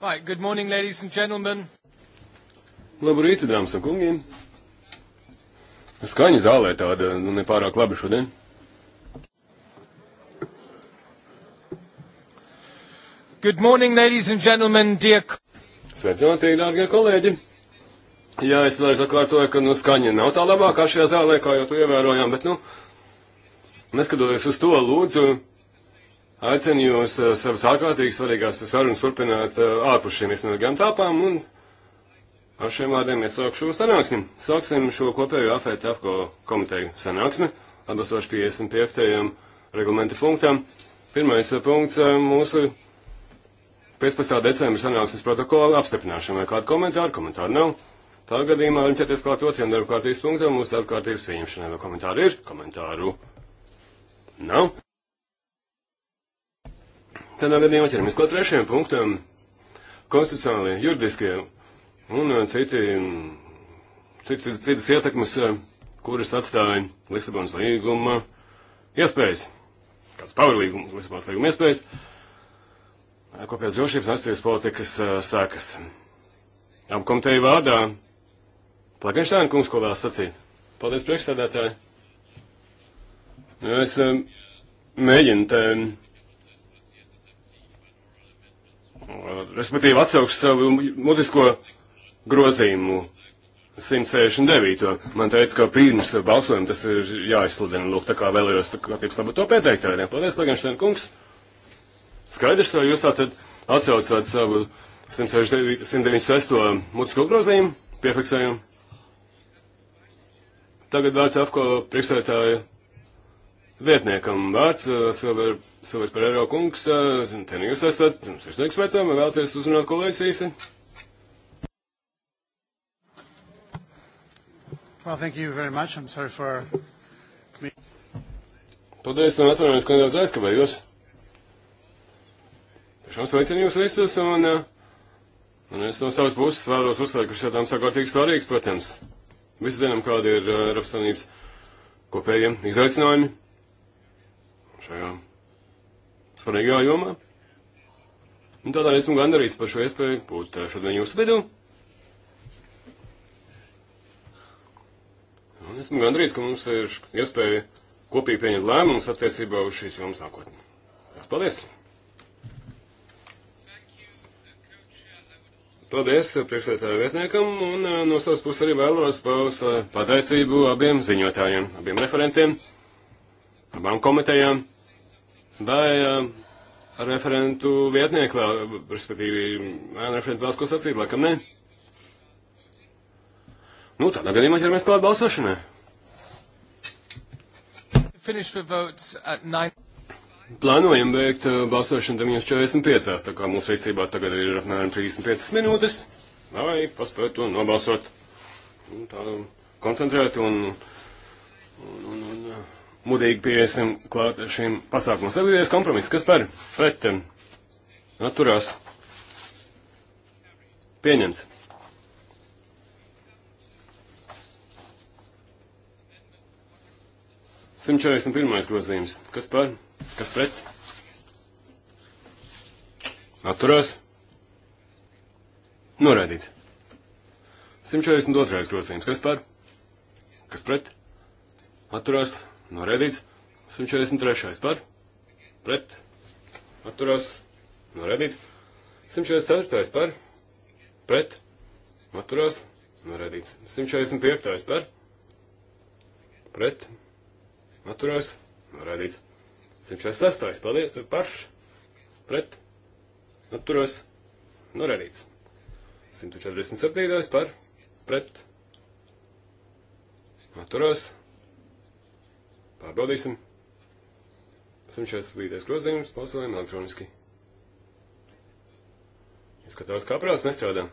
Right, good morning, ladies and gentlemen. Labrīt, dāmas un kungi. Skaņa zālē tāda nu, nepārāk laba šodien. Good morning, ladies and gentlemen, dear. Sveicināti, dārgie kolēģi. Jā, es vēlreiz atkārtoju, ka nu, skaņa nav tā labākā šajā zālē, kā jau to ievērojām, bet, nu, neskatoties uz to, lūdzu, aicinu jūs eh, savas ārkārtīgi svarīgās sarunas turpināt eh, ārpus šiem iesniegtajām tāpām, un ar šiem vārdiem iesākšu sanāksmi. Sāksim šo kopējo afēt afko komiteju sanāksmi, atbilstoši 55. reglamenta punktam. Pirmais eh, punkts mūsu 15. decembra sanāksmes protokola apstiprināšana. Vai kādu komentāru? Komentāru nav. Tā gadījumā varam ķerties klāt otriem darbkārtības punktam. Mūsu darbkārtības pieņemšanai vēl komentāru ir. Komentāru nav. Tādā gadījumā ķeramies klāt trešajam punktam - konstitucionālie, juridiskie un uh, citi, mm, citi, citas ietekmes, uh, kuras atstāja Lisabonas līguma iespējas, kāds pavarlīguma Lisabonas līguma iespējas, uh, kopējās drošības un aizsardzības politikas sākas. Apkomiteju vārdā Plakenštāna kungs, ko vēlas sacīt. Paldies priekšstādātāji. Nu, es um, mēģinu te um, respektīvi atsaukšu savu mutisko grozījumu 169. Man teica, ka pirms balsojuma tas ir jāizsludina. Lūk, tā kā vēlējos attieks labu to pieteikt. Tādien. Paldies, Legenšteina kungs. Skaidrs, vai jūs tātad atsaucāt savu 169, 196. mutisko grozījumu, piefiksējumu. Tagad vārds Afko priekšsētāju vietniekam vārds, uh, Silver, Silver Pereiro kungs, uh, te nu jūs esat, sirsnīgs vecām, vai vēlaties uzrunāt kolēģis īsi? Well, thank you very much. I'm sorry for me. Paldies, un nu, atvainojos, ka nedaudz aizkavējos. Tiešām sveicinu jūs visus, un, uh, un es no savas puses vēlos uzsvērt, ka šādām sakārtīgi svarīgs, protams. Visi zinām, kāda ir Eiropas Savienības kopējie izaicinājumi šajā svarīgajā jomā. Un tādēļ esmu gandarīts par šo iespēju būt eh, šodien jūsu vidū. Un esmu gandarīts, ka mums ir iespēja kopīgi pieņemt lēmumus attiecībā uz šīs jomas nākotni. Jās paldies! Paldies priekšsētāju vietniekam un eh, no savas puses arī vēlos paust eh, pateicību abiem ziņotājiem, abiem referentiem abām komitejām, vai eh, ar referentu vietnieku vēl, respektīvi, ar referentu vēlas ko sacīt, laikam ne. Nu, tādā gadījumā ķeramies klāt balsošanai. Plānojam veikt eh, balsošanu 9.45, tā kā mūsu rīcībā tagad ir apmēram 35 minūtes, lai paspētu nobalsot un tā koncentrēt un, un, un, mudīgi pieiesim klāt šīm pasākumam. Sabiedrības kompromiss, kas par pret um, atturās pieņems. Simčārīsim pirmais grozījums. Kas par? Kas pret? Atturās. Noraidīts. 142. grozījums. Kas par? Kas pret? Atturās. Noraidīts. 143. par. Pret. Atturās. Noraidīts. 144. par. Pret. Atturās. Noraidīts. 145. par. Pret. Atturās. Noraidīts. 146. Paldies, par. Pret. Atturās. Noraidīts. 147. par. Pret. Atturās. Pārbaudīsim. 147. grozījums, balsojam elektroniski. Izskatās, kā prāts nestrādā.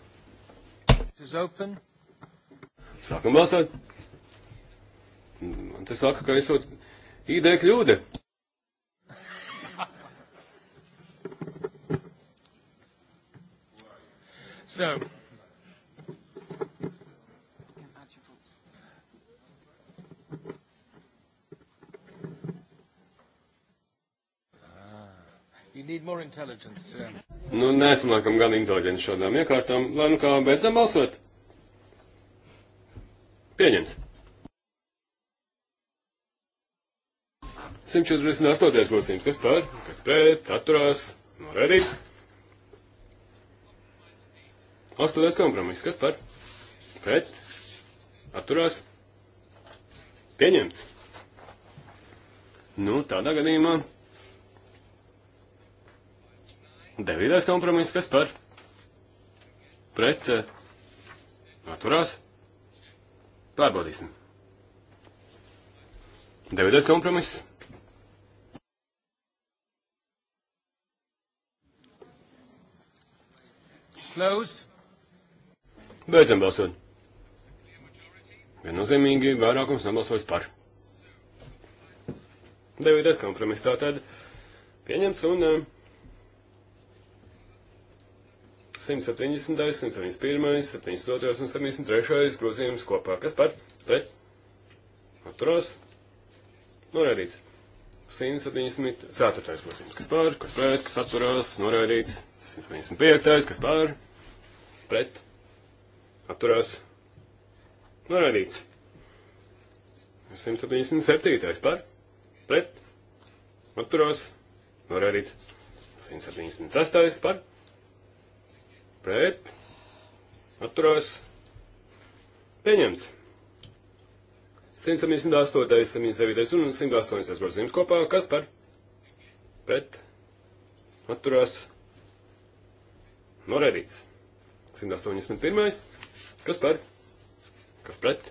Sākam balsot. Man te saka, ka esot ID kļūde. So, Nu, neesam laikam gan inteliģenti šādām iekārtām. Lai nu kā beidzam balsot. Pieņemts. 148. grozījums. Kas par? Kas pret? Atturās? Norēdīts. 8. kompromiss. Kas par? Pret? Atturās? Pieņemts. Nu, tādā gadījumā. Devītais kompromiss, kas par pret eh, atturās. Pārbaudīsim. Devītais kompromiss. Closed. Beidzam balsot. Viennozīmīgi vairākums nobalsojas par. Devītais kompromiss tātad pieņems un uh, 170, 171, 72 un 73 grozījums kopā. Kas par? Pret? Atturās? Noraidīts. 174. grozījums. Kas par? Kas pret? Kas atturās? Noraidīts. 175. Kas par? Pret? Atturās? Noraidīts. 177. par? Pret? Atturās? Noraidīts. 176. par? pret, atturās, pieņemts. 178, 79 un 180 grozījums kopā, kas par pret, atturās, norēdīts. 181, kas par, kas pret,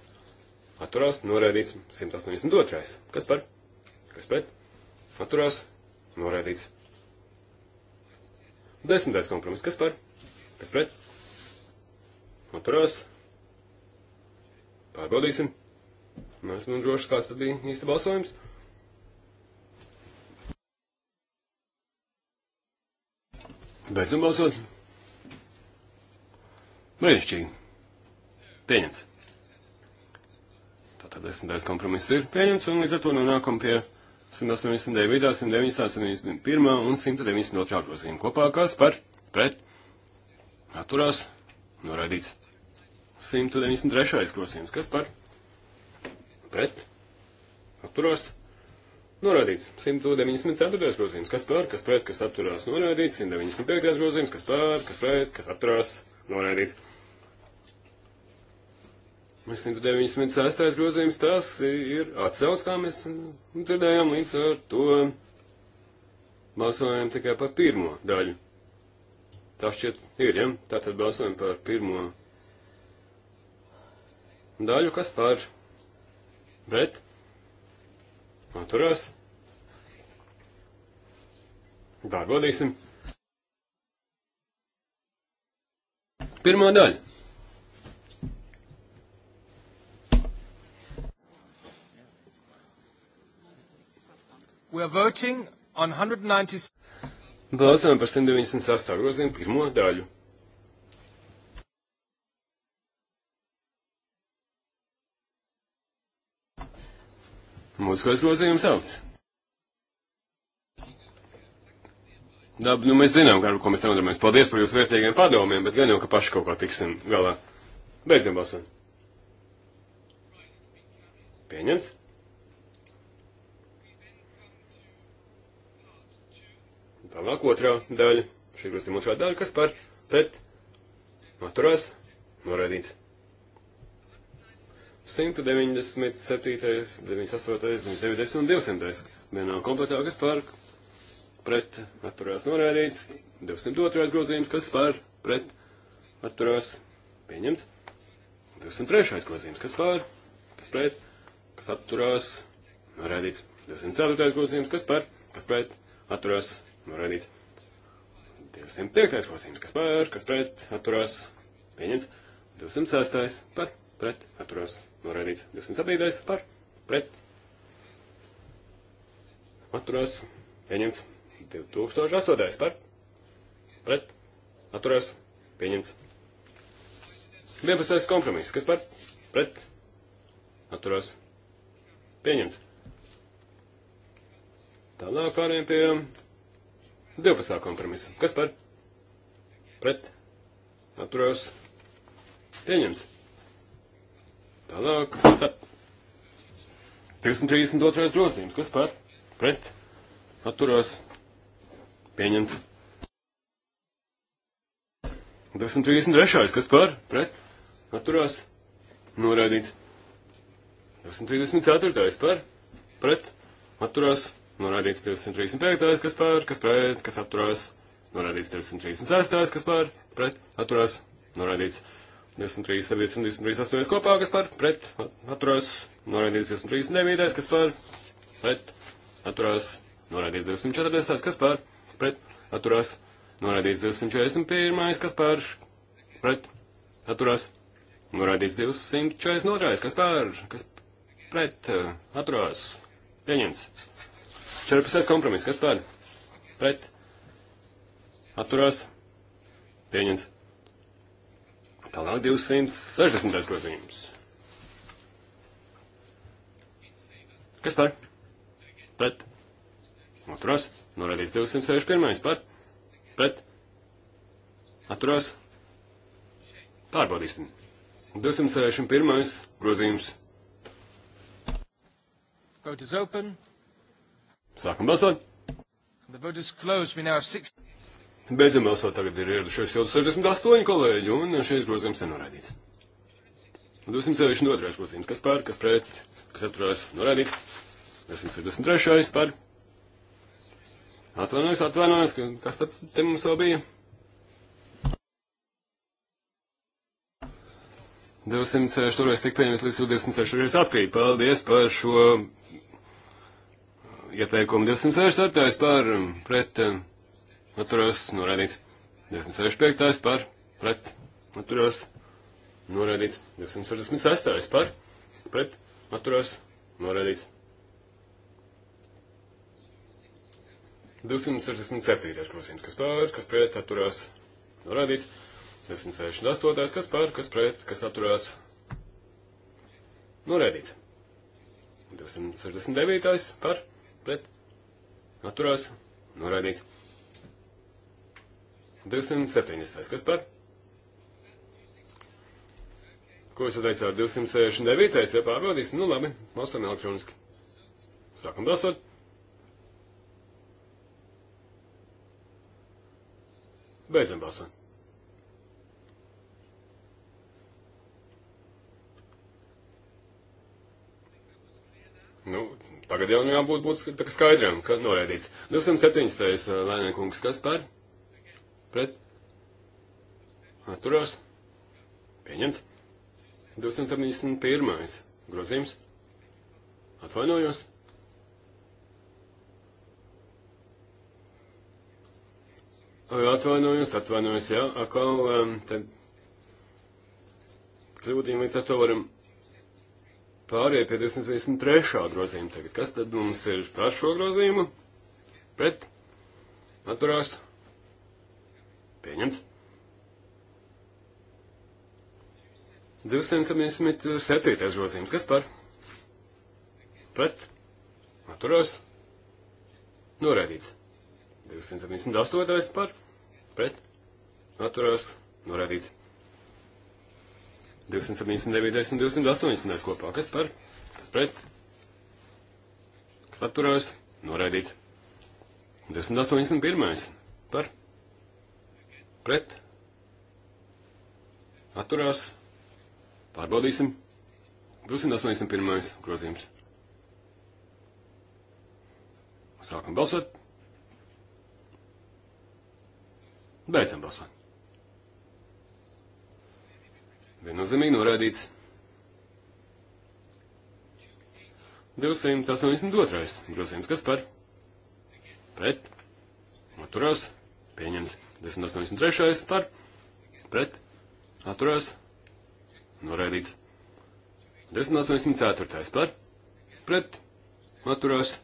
atturās, norēdīts. 182, kas par, kas pret, atturās, norēdīts. Desmitais kompromiss, kas par? Kas pret? Atturās. Pārbaudīsim. Nu, esmu drošs, kāds tad bija īsta balsojums. Beidzam balsot. Brīnišķīgi. Pieņemts. Tātad desmitais kompromiss ir pieņemts, un līdz ar to nonākam pie 189, 191 un 192 grozījuma kopā, kas par pret atturās, noraidīts. 193. grozījums, kas par? Pret, atturās, noraidīts. 194. grozījums, kas par, kas pret, kas atturās, noraidīts. 195. grozījums, kas par, kas pret, kas atturās, noraidīts. 196. grozījums tas ir atcelts, kā mēs dzirdējām, līdz ar to balsojam tikai par pirmo daļu. Tā šķiet ir, ja? Tātad balsojam par pirmo daļu, kas par pret atturās. Pārbaudīsim. Pirmā daļa. We are voting on 190. Balsojam par 198. grozījumu pirmo daļu. Mūzikas grozījums sauc. Dab, nu mēs zinām, kā, ko mēs tam darām. Paldies par jūsu vērtīgiem padomiem, bet gan jau, ka paši kaut kā tiksim galā. Beidzam balsot. Pieņemts? Tālāk otrā daļa, šī grozījuma otrā daļa, kas par pret atturās norādīts. 197, 98, 99 un 200. Vienā komplektā, kas par pret atturās norādīts. 202. grozījums, kas par pret atturās pieņemts. 203. grozījums, kas par, kas pret, kas atturās norādīts. 204. grozījums, kas par, kas pret atturās Noraidīts. 205. grozījums, kas par, kas pret, atturās, pieņemts. 206. par, pret, atturās, noraidīts. 207. par, pret, atturās, pieņemts. 2008. par, pret, atturās, pieņemts. 11. kompromiss, kas par, pret, atturās, pieņemts. Tālāk pārējiem pie 12. kompromisa. Kas par? Pret. Atturējos. Pieņems. Tālāk. 232. grozījums. Kas par? Pret. Atturējos. Pieņems. 233. Kas par? Pret. Atturās. Noraidīts. 234. par? Pret. Atturās. Norādīts 235. kas pār, kas pret, kas atturās. Norādīts 236. kas pār, pret, atturās. Norādīts 237. un 238. kopā, kas pār, pret, atturās. Norādīts 239. kas pār, pret, atturās. Norādīts 240. kas pār, pret, atturās. Norādīts 241. kas pār, pret, atturās. Norādīts 242. kas pār, kas pret, atturās. Pieņems. 14. kompromiss, kas par? Pret. Atturās. Pieņems. Tālāk 260. grozījums. Kas par? Pret. Atturās. Norādīts 261. par. Pret. Atturās. Pārbaudīsim. 261. grozījums. Vote is open. Sākam balsot. Beidzam balsot. Tagad ir ieradušies jau 68 kolēģi, un šis grozījums ir noraidīts. 262. grozījums. Kas pār, kas pret, kas atturās noraidīts? 263. par. Atvainojos, atvainojos, kas tad te mums vēl bija? 264. tik pieņems līdz 26. atkrīt. Paldies par šo Ieteikumi 264 par pret atturās norādīts. 265 par pret atturās norādīts. 266 par pret atturās norādīts. 267. grozījums, kas pār, kas pret atturās norādīts. 268. kas pār, kas pret, kas atturās norādīts. 269. par pret, atturās, noraidīts. 270. Kas par? Ko jūs teicāt? 269. Ja pārbaudīsim, nu labi, balsojam elektroniski. Sākam balsot. Beidzam balsot. Nu, tagad jau nu jābūt būt skaidram, ka noraidīts. 217. Eh, Lēnēkungs, kas par? Pret? Atturās? Pieņemts. 271. Grozījums. Atvainojos. Atvainojos, atvainojos, jā, atkal, um, ehm, tad kļūdījumi līdz ar to varam Pārējie pie 253. grozījuma tagad. Kas tad mums ir par šo grozījumu? Pret? Atturās? Pieņems. 277. grozījums. Kas par? Pret? Atturās? Norēdīts. 278. par? Pret? Atturās? Norēdīts. 279 un 280 kopā. Kas par? Kas pret? Kas atturās? Noraidīts. 281 par? Pret? Atturās? Pārbaudīsim. 281 grozījums. Sākam balsot. Beidzam balsot. Viennozīmīgi norādīts. 282. grozījums, kas par? Pret. Atturās. Pieņems. 283. par? Pret. Atturās. Norādīts. 284. par? Pret. Atturās.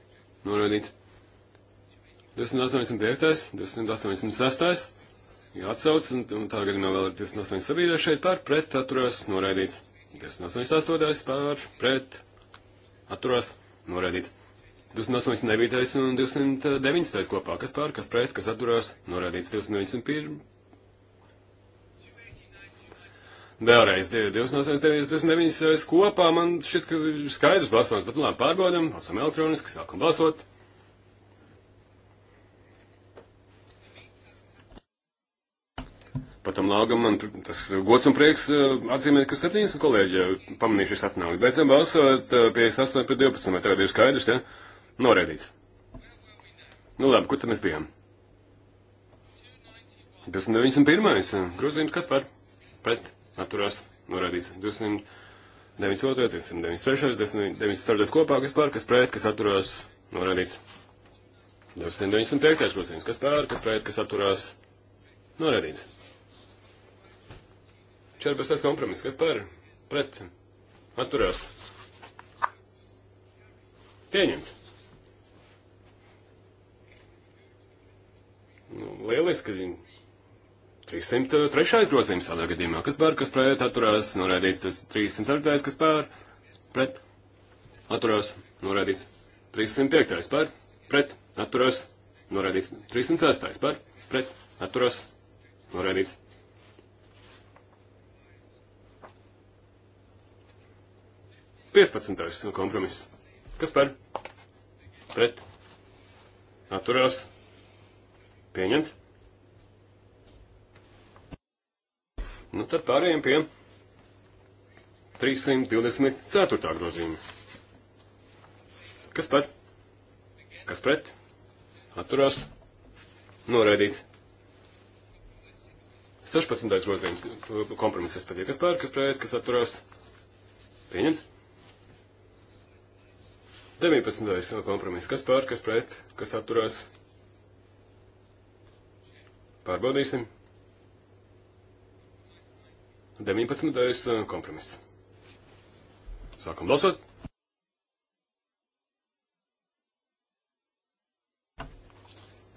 Norādīts. 285. 286 jāatsauc, un, un tā gadījumā vēl ir 28 sabiedrē šeit par pret atturās noraidīts. 28 par pret atturās noraidīts. 289 un 209 kopā, kas pār, kas pret, kas atturās, norādīts 291. Vēlreiz 289, 209 kopā, man šķiet, ka ir skaidrs balsojums, bet nu labi, pārbaudam, balsojam elektroniski, sākam balsot. Patam Lāgam man tas gods un prieks eh, atzīmēt, ka 70 kolēģi eh, pamanījušies atnākt. Beidzam balsot 58 pret 12, vai tagad ir skaidrs, ja? Norēdīts. Nu labi, kur tad mēs bijām? 291. Grozījums kas par? Pret. Atturās. Norēdīts. 292. 293. 294. kopā kas par? Kas pret? Kas atturās? Norēdīts. 295. grozījums kas par? Kas pret? Kas atturās? Norēdīts. 14. kompromiss, kas par? Pret. Atturās. Pieņems. Nu, lieliski. 303. grozījums tādā gadījumā. Kas pār, kas pret atturās, norādīts. Tas 304. kas pār, pret atturās, norādīts. 305. pār, pret atturās, norādīts. 306. pār, pret atturās, norādīts. 15. Nu, kompromiss. Kas par? Pret. Atturās. Pieņems. Nu, tad pārējiem pie 324. grozījuma. Kas par? Kas pret? Atturās. Noraidīts. 16. grozījums kompromiss, es patīk, kas pār, kas pret, kas atturās. Pieņems. 19. kompromiss. Kas pār, kas pret, kas atturās? Pārbaudīsim. 19. kompromiss. Sākam balsot.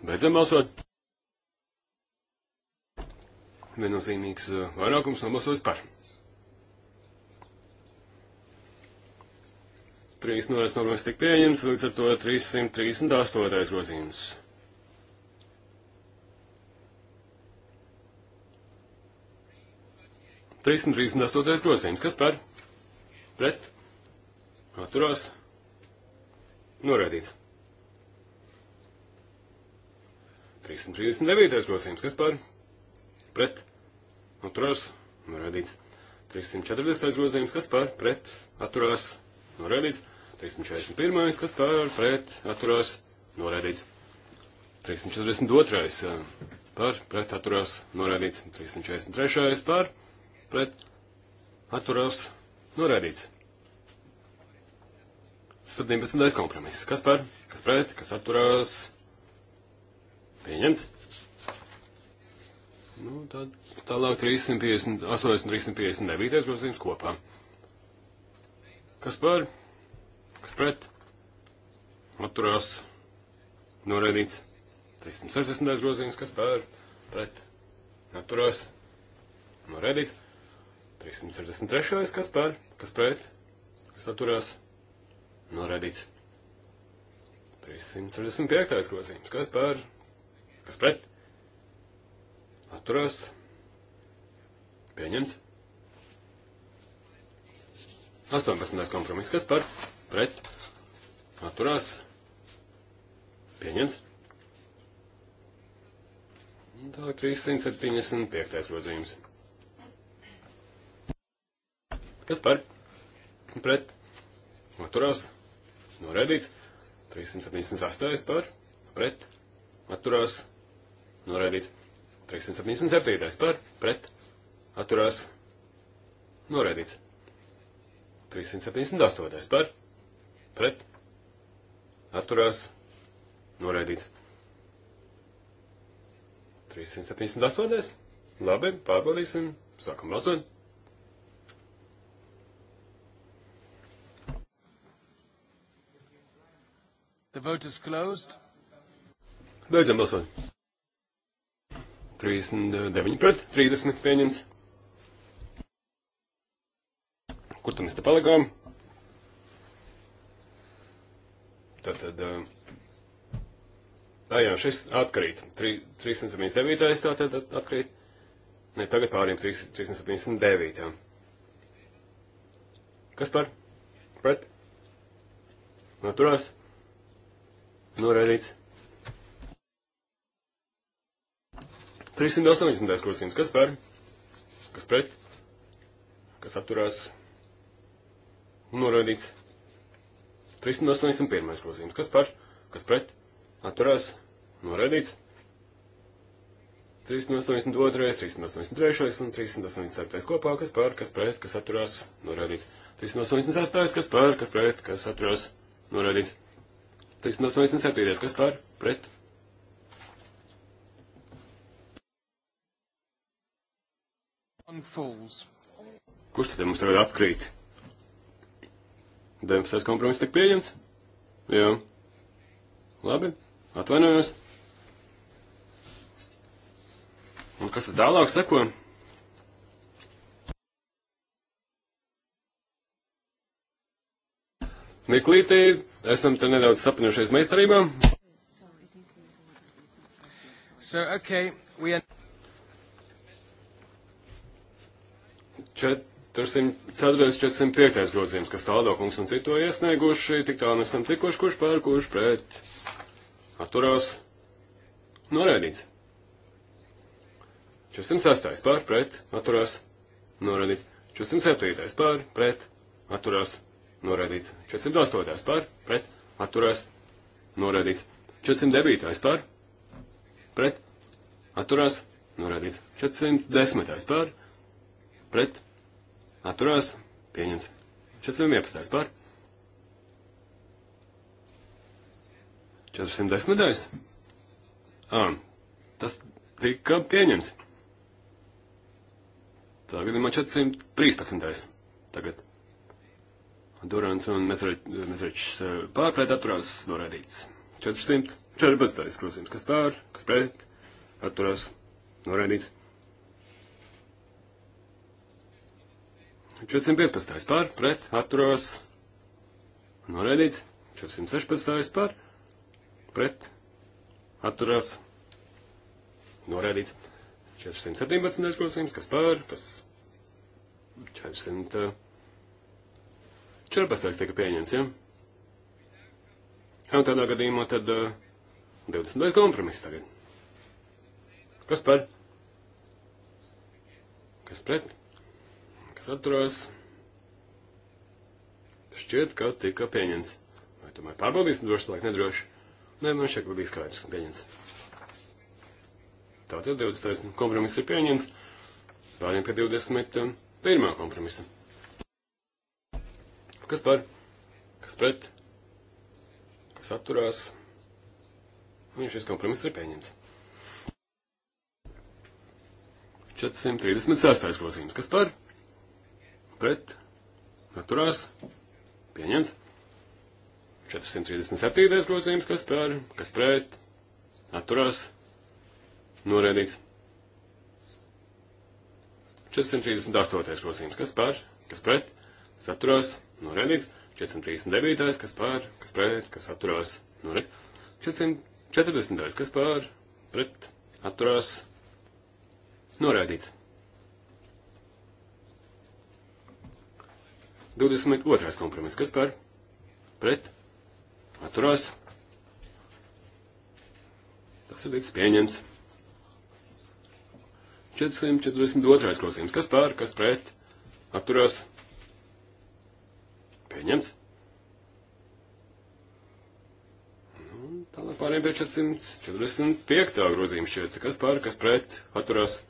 Beidzam balsot. Viennozīmīgs uh, vairākums nobalsojas par. 3 norēs normas tik pieņems, līdz ar to 338. grozījums. Trīsdesmit trīsdesmit astotais grozījums. Kas par? Pret? Atturās? Norēdīts. 339. grozījums, kas par pret atturās norādīts. 340. grozījums, kas par pret atturās norādīts. 341. kas par pret atturās norādīts. 342. par pret atturās norādīts. 343. par pret atturās norādīts. 17. kompromiss. Kas par? Kas pret? Kas atturās? Pieņemts. Nu, tad tālāk 358, 359 grozījums kopā. Kas par? kas pret, atturās, noraidīts. 360. grozījums, kas pār, pret, atturās, noraidīts. 363. kas pār, kas pret, kas atturās, noraidīts. 365. grozījums, kas pār, kas pret, atturās, pieņemts. 18. kompromiss, kas par pret, atturās, pieņems. Tālāk 375. grozījums. Kas par? Pret. Atturās. Noraidīts. 378. par. Pret. Atturās. Noraidīts. 377. par. Pret. Atturās. Noraidīts. 378. par pret, atturās, noraidīts. 378. Labi, pārbaudīsim, sākam balsot. The vote is closed. Beidzam balsot. 39 pret, 30 pieņems. Kur tam mēs te palikām? Tātad, tā jā, šis atkrīt. 379. tātad atkrīt. Ne, tagad pāriem 379. Kas par? Pret? Naturās? Noraidīts. 380. kursījums. Kas par? Kas pret? Kas atturās? Noraidīts. 381. grozījums. Kas par? Kas pret? Atturās. Noraidīts. 382, 383 un 387 kopā, kas par, kas pret, kas atturās, norādīts. 386, kas par, kas pret, kas atturās, norādīts. 387, kas par, pret. Kurš tad mums tagad atkrīt? 19. kompromiss tik pieņemts? Jā. Labi, atvainojos. Un kas tad tālāk seko? Miklītī, esam te nedaudz sapņojušies meistarībā. So, okay, we are... Čet, 405. grozījums, kas tālāk kungs un cito iesnieguši, tik tālu mēs esam tikuši, kurš pār, kurš pret. Atturās. Norēdīts. 406. pār, pret. Atturās. Norēdīts. 407. pār, pret. Atturās. Norēdīts. 408. pār, pret. Atturās. Norēdīts. 409. pār, pret. Atturās. Norēdīts. 410. pār, pret atturās, pieņems. 411. par. 410. Ā, tas tika pieņems. Tagad ir man 413. Tagad. Durants un Mesrečs pārpret atturās norādīts. 414. grozījums, kas pār, kas pret, atturās norādīts. 415. par, pret, atturās, noraidīts. 416. par, pret, atturās, noraidīts. 417. grozījums, kas par, kas 414. tika pieņemts, ja? Un tādā gadījumā tad uh, eh, 20. kompromiss tagad. Kas par? Kas pret? atturās. Šķiet, ka tika pieņemts. Vai tomēr pārbaudīsim droši, lai nedroši? Nē, man šeit bija skaidrs, ka pieņemts. Tātad 20. kompromiss ir pieņemts. Pāriem pie 21. kompromisa. Kas par? Kas pret? Kas atturās? Un šis kompromiss ir pieņemts. 436. grozījums. Kas par? pret, atturās, pieņems. 437. grozījums, kas par, kas pret, atturās, norēdīts. 438. grozījums, kas par, kas pret, saturās, norēdīts. 439. kas par, kas pret, kas atturās, norēdīts. 440. kas par, pret, atturās, norēdīts. 22. kompromiss. Kas par? Pret? Atturās? Tas ir līdz pieņemts. 442. klausījums. Kas par? Kas pret? Atturās? Pieņemts. Nu, tālāk pārējiem pie 445. grozījuma šeit. Kas par? Kas pret? Atturās?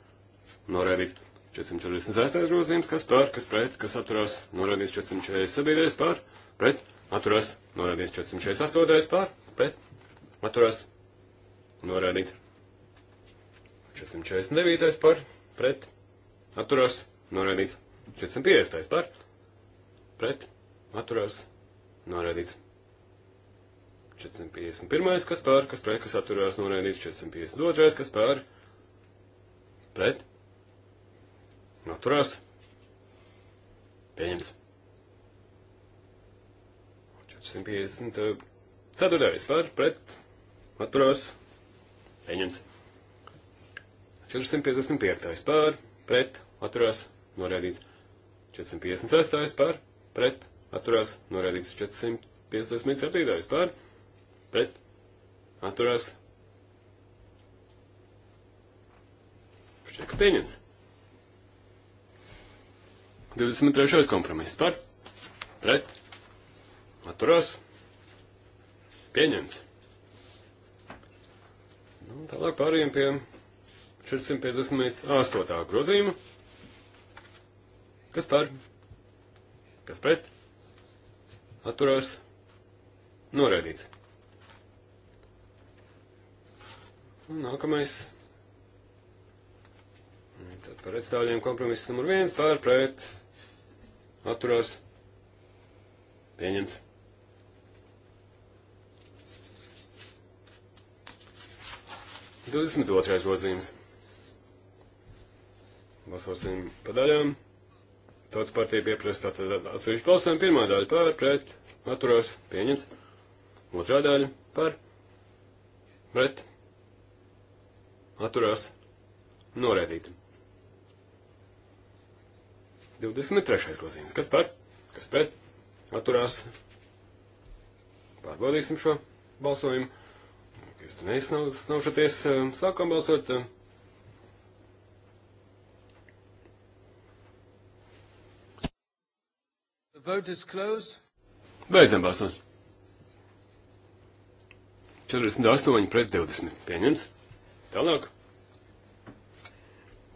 Norēdīts. 446. grozījums, kas par, kas pret, kas atturās, norādīts 447. par, pret, atturās, norādīts 448. par, pret, atturās, norādīts 449. par, pret, atturās, norādīts 450. par, pret, atturās, norādīts 451. kas par, kas pret, kas atturās, norādīts 452. kas par, pret, Atturās. Pieņems. 450. Eh, ceturtais par pret. Atturās. Pieņems. 455. par pret. Atturās. Norēdīts. 456. par pret. Atturās. Norēdīts. 457. par pret. Atturās. Šķiet, ka pieņems. 23. kompromiss par, pret, atturās, pieņemts. Nu, tālāk pārējiem pie 458. grozījuma. Kas par? Kas pret? Atturās, noraidīts. Un nākamais. Tad par atstāvļiem kompromiss numur viens pār pret atturās, pieņemts. Divdesmit otrais grozījums. Balsosim pa daļām. Tautas partija pieprasa tātad atsevišķu balsojumu. Pirmā daļa par, pret, atturās, pieņemts. Otrā daļa par, pret, atturās, noraidītam. 23. grozījums. Kas par? Kas pret? Atturās. Pārbaudīsim šo balsojumu. Jūs tur neizsnaužaties. Sākam balsot. The vote is closed. Beidzam balsot. 48 pret 20. Pieņems. Tālāk.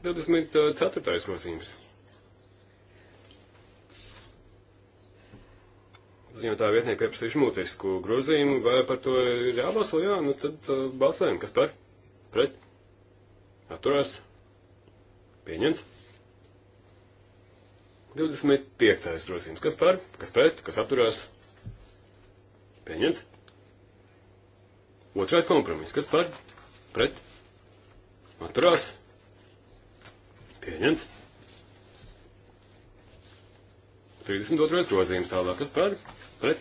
24. Eh, grozījums. ziņotāju vietnieku pieprasījuši mutisku grozījumu, vai par to ir jābalso, jā, nu tad uh, balsojam, kas par, pret, atturās, pieņems. 25. grozījums, kas par, kas pret, kas atturās, pieņems. Otrais kompromiss, kas par, pret, atturās, pieņems. 32. grozījums tālāk, kas par, pret,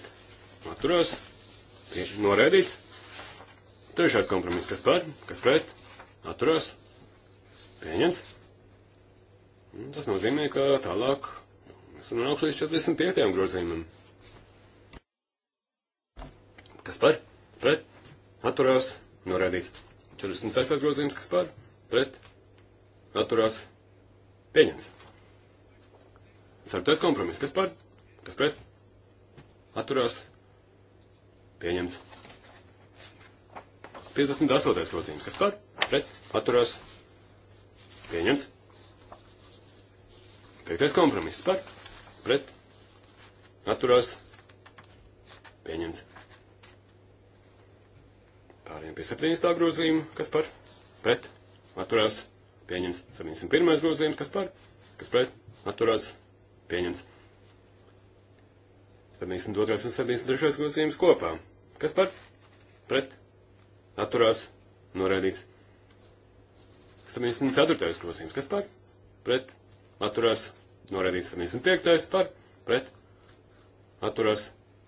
atturās, noraidīts. Trešais kompromiss, kas par, kas pret, atturās, pieņemts. Un tas nozīmē, ka tālāk mēs nonākšu līdz 45. grozījumam. Kas par, pret, atturās, noraidīts. 46. grozījums, kas par, pret, atturās, pieņemts. Ceturtais kompromiss, kas par, kas pret, atturās pieņemts. 58. grozījums, kas par, pret, atturās pieņemts. 5. kompromiss par, pret, atturās pieņemts. Pārējiem pie 7. grozījuma, kas par, pret, atturās pieņemts. 701. grozījums, kas par, kas pret, atturās pieņemts. 72. un 73. grozījums kopā. Kas par? Pret? Atturās? Norēdīts. 74. grozījums. Kas par? Pret? Atturās? Norēdīts. 75. par? Pret? Atturās?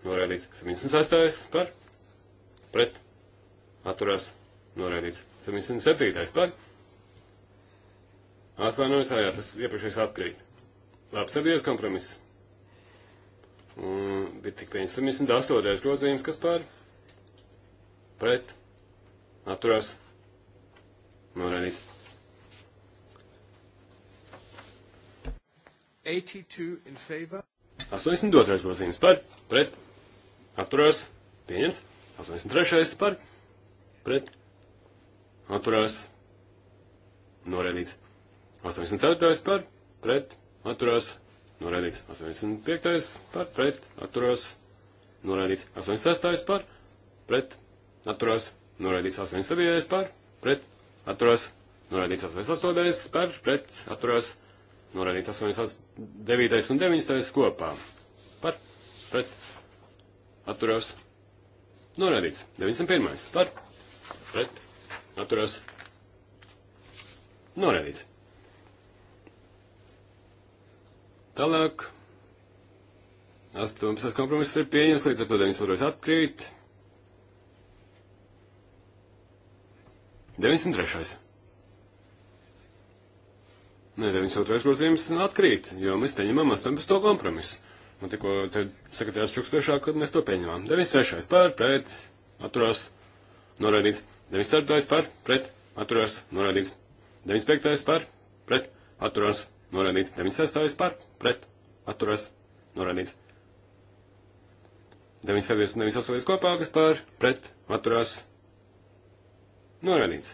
Norēdīts. 76. par? Pret? Atturās? Norēdīts. 77. par? Atvainojos, jā, tas iepriekšējais atkrīt. Labi, sabiedrības kompromiss. Un mm, bija tik 578. grozījums, kas pār pret atturās norādīts. 82. grozījums par pret atturās pieņems. 83. par pret atturās norādīts. 84. par pret atturās norādīts 85. par pret atturās, norādīts 86. par pret atturās, norādīts 87. par pret atturās, norādīts 88. par pret atturās, norādīts 89. un 9. kopā par pret atturās, norādīts 91. par pret atturās, norādīts. Tālāk. 18. kompromiss ir pieņems, līdz ar to 92. atkrīt. 93. Nē, 92. grozījums atkrīt, jo mēs pieņemam 18. kompromisu. Un tikko te sekretārs Čuks priekšā, kad mēs to pieņemam. 93. par, pret, atturās, norādīts. 94. par, pret, atturās, norādīts. 95. par, pret, atturās, norādīts. Norādīts 96. par, pret, atturas, norādīts. 97. un 98. kopā, kas par, pret, atturas, norādīts.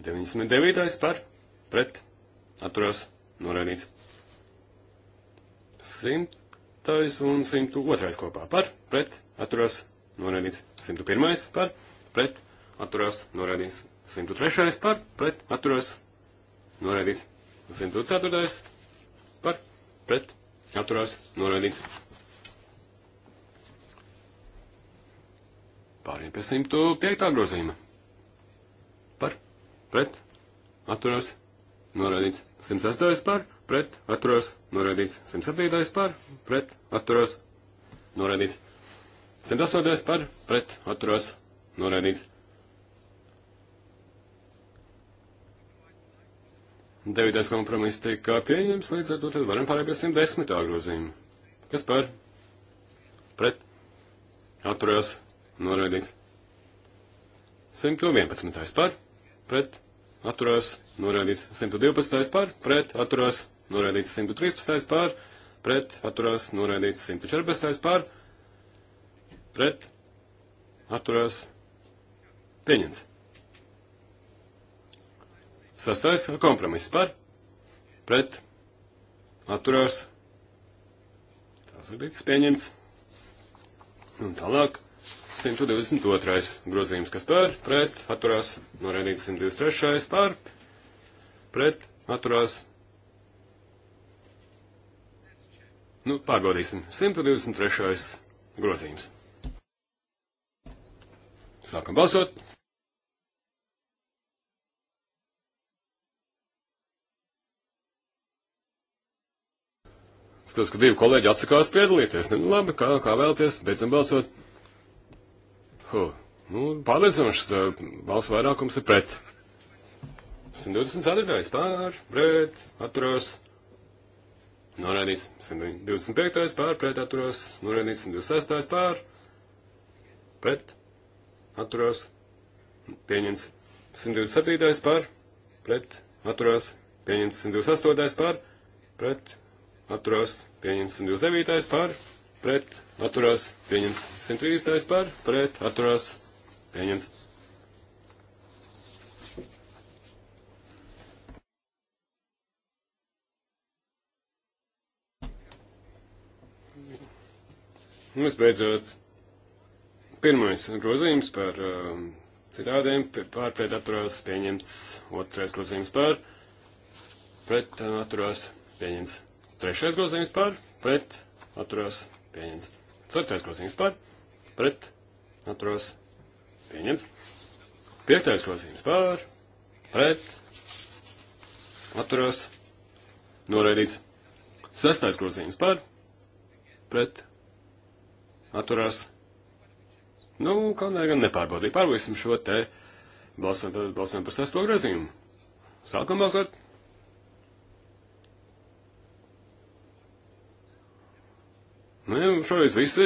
99. par, pret, atturas, norādīts. 100. un 102. kopā par, pret, atturas, norādīts. 101. par, pret, atturas, norādīts. 103. par, pret, atturas, norādīts noraidīts. 104. par pret atturās noraidīts. Pāriem pie 105. grozījuma. Par pret atturās noraidīts. 106. par pret atturās noraidīts. 107. par pret atturās noraidīts. 108. par pret atturās noraidīts. Devītais kompromiss tika pieņems, līdz ar to tad varam pārēt pie 110. grozījuma. Kas par? Pret? Atturējos. Noraidīts. 111. par? Pret? Atturējos. Noraidīts. 112. par? Pret? Atturējos. Noraidīts. 113. par? Pret? Atturējos. Noraidīts. 114. par? Pret? Atturējos. Pieņems. Sastais kompromiss par, pret, atturās, tās ir līdz pieņemts. Un tālāk, 122. grozījums, kas par, pret, atturās, norēdīts 123. par, pret, atturās. Nu, pārbaudīsim. 123. grozījums. Sākam balsot. Skatos, ka divi kolēģi atsakās piedalīties. Nu, labi, kā, kā vēlaties, beidzam balsot. Huh. Nu, pārliecinošs balsu vairākums ir pret. 124. pār, pret, atturās. Norēdīts. 125. pār, pret, atturās. Norēdīts. 126. pār, pret, atturās. Pieņems. 127. pār, pret, atturās. Pieņems. 128. pār, pret, atturās atturās pieņemts 129. par, pret atturās pieņemts 130. par, pret atturās pieņemts. Un visbeidzot, pirmais grozījums par um, citādiem pārpret atturās pieņemts, otrais grozījums par pret atturās pieņemts. Trešais grozījums par, pret, atturās, pieņemts. Ceturtais grozījums par, pret, atturās, pieņemts. Piektais grozījums par, pret, atturās, noraidīts. Sestais grozījums par, pret, atturās. Nu, kaut kā gan nepārbaudīju. Pārbaudīsim šo te balsojumu par sesto grozījumu. Sākam balsot! Nu, ja šoreiz visi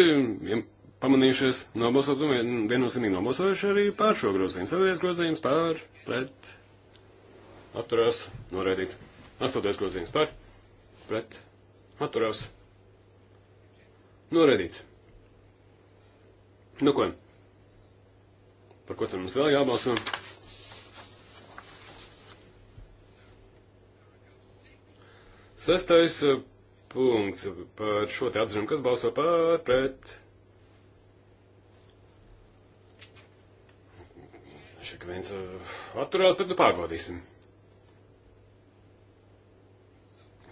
ja pamanījušies nobalsot un vien, viennozīmīgi nobalsojuši arī pār šo grozījumu. Savies grozījums pār, pret, atturās, noraidīts. Astotais grozījums pār, pret, atturās, noraidīts. Nu, ko? Par ko tad mums vēl jābalso? Sestais punkts par šo te atzinumu, kas balso par pret. Šeit viens uh, atturās, tad nu pārbaudīsim.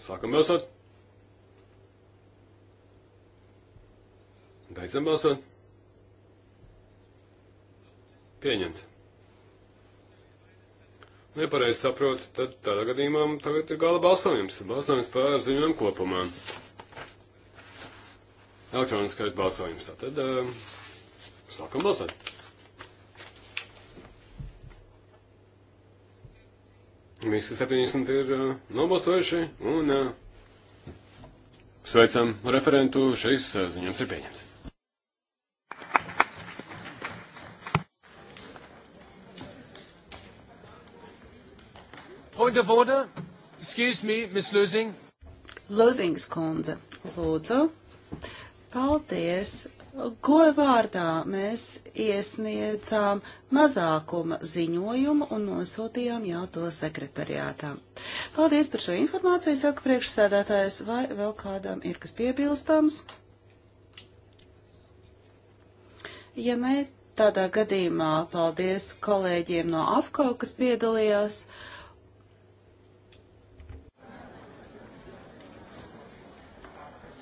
Sākam balsot. Beidzam balsot. Pieņemts nepareizi saprotu, tad tādā gadījumā tagad ir gala balsojums. Balsojums par ziņojumu kopumā. Elektroniskais balsojums. Tad uh, eh, sākam balsot. Visi 70 ir uh, nobalsojuši un uh, sveicam referentu. Šis uh, ziņojums ir pieņemts. Point of order. Excuse me, Miss Losing. Losings kundze, lūdzu. Paldies. Ko vārdā mēs iesniedzām mazākuma ziņojumu un nosūtījām jau to sekretariātā. Paldies par šo informāciju, saka priekšsēdētājs, vai vēl kādam ir kas piebilstams? Ja ne, tādā gadījumā paldies kolēģiem no AFKO, kas piedalījās. Uh,